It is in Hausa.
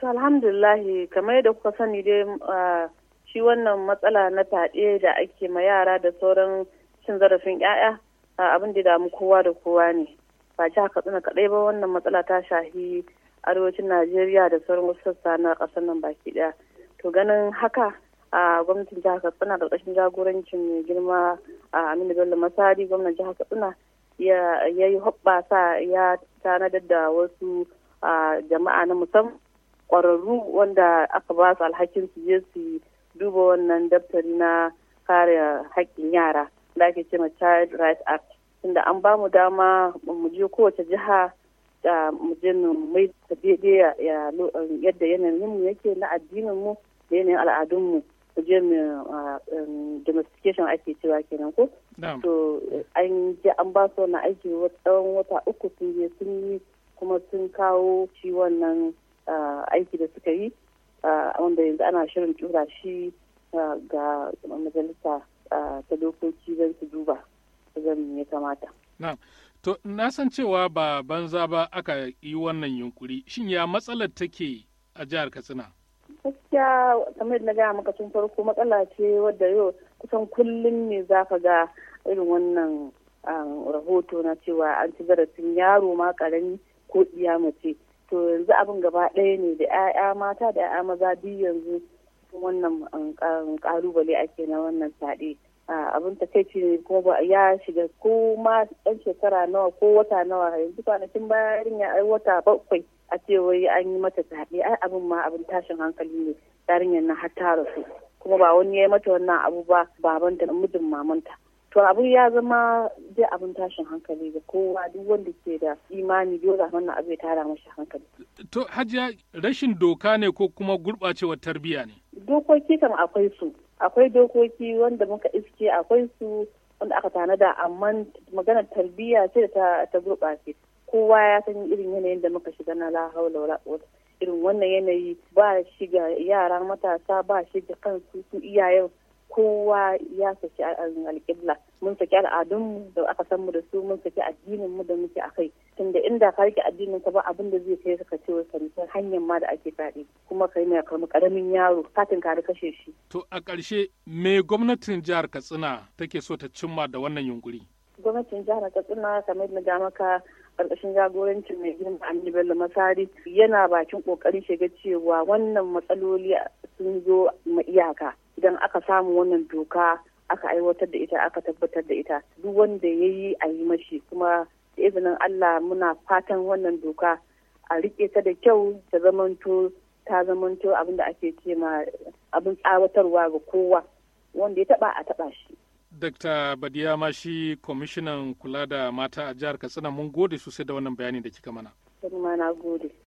To alhamdulillahi kamar yadda kuka sani dai shi wannan matsala na fyaɗe da ake ma yara da sauran cin zarafin ƴaƴa abin da damu kowa da kowa ne. Ba ci haka tsina kaɗai ba wannan matsala ta shahi arewacin Najeriya da sauran wasu sassa na ƙasar nan baki ɗaya. To ganin haka a gwamnatin jihar Katsina ƙarshen jagorancin mai girma a Aminu Bello Masari gwamnan jihar Katsina ya yi hoɓɓasa ya tanadar da wasu jama'a na musamman kwararru wanda aka ba su alhakin su je su duba wannan daftari na kare haƙƙin yara da ake ce child rights act tunda an ba mu dama mu je kowace jiha da mu je mu mai daidai yadda yanayin mu yake na addinin mu da yanayin al'adun mu mu je mu um, domestication ake cewa kenan ko to an je an ba su wannan aiki tsawon wata uku sun je sun yi kuma sun kawo shi wannan aiki da suka yi wanda yanzu ana shirin tura shi ga majalisa ta dokoki zan su duba zan ya kamata. To, na san cewa ba banza ba aka yi wannan yunkuri, shin ya matsalar take a jihar Katsina? Gaskiya kamar na gaya maka tun farko matsala ce wadda yau kusan kullum ne za ka ga irin wannan rahoto na cewa an ci zarafin yaro ma karami ko iya mace to yanzu abin gaba ɗaya ne da 'ya'ya mata da 'ya'ya maza biyu yanzu wannan kalubale um, ake na wannan saɗe abin kai ne kuma ya shiga ko ma ɗan shekara nawa ko wata nawa yanzu kwanakin bayan ya wata bakwai a ce wai an yi mata fyaɗe ai abin ma abin tashin hankali ne yarinyar na har ta rasu kuma ba wani ya yi mata wannan abu ba babanta mijin mamanta to abu ya zama zai abin tashin hankali ga kowa duk wanda ke da imani dole wannan abu ya tara mashi hankali. To hajiya rashin doka ne ko kuma gurɓacewar tarbiyya ne? Dokoki kan akwai su. Akwai dokoki wanda muka iske akwai su wanda aka tanada amma maganar tarbiyya sai da ta gurɓace. Kowa ya san irin yanayin da muka shiga na la wala irin wannan yanayi ba shiga yara matasa ba shi da kansu su iyayen kowa ya saki alƙibla mun saki al'adunmu da aka san mu da su mun saki addinin mu da muke akai tunda inda ka rike addinin ka ba abin da zai kai ka ce wa hanyar ma da ake faɗi kuma kai ka karmi karamin yaro katin ka kashe shi to a ƙarshe me gwamnatin jihar Katsina take so ta cimma da wannan yunkuri gwamnatin jihar Katsina kamar da maka karkashin jagorancin mai girma Aminu Bello Masari yana bakin kokarin shiga cewa wannan matsaloli sun zo ma iyaka idan aka samu wannan doka aka aiwatar da ita aka tabbatar da ita duk wanda ya yi a yi mashi kuma da izinin Allah muna fatan wannan doka a riƙe ta da kyau ta zamanto ta zamanto abin da ake ce ma abin tsawatarwa ga kowa wanda ya taba a taba shi. Dokta Badiya ma shi kwamishinan kula da mata a jihar Katsina mun gode sosai da wannan bayani da kika mana. Kuma na gode.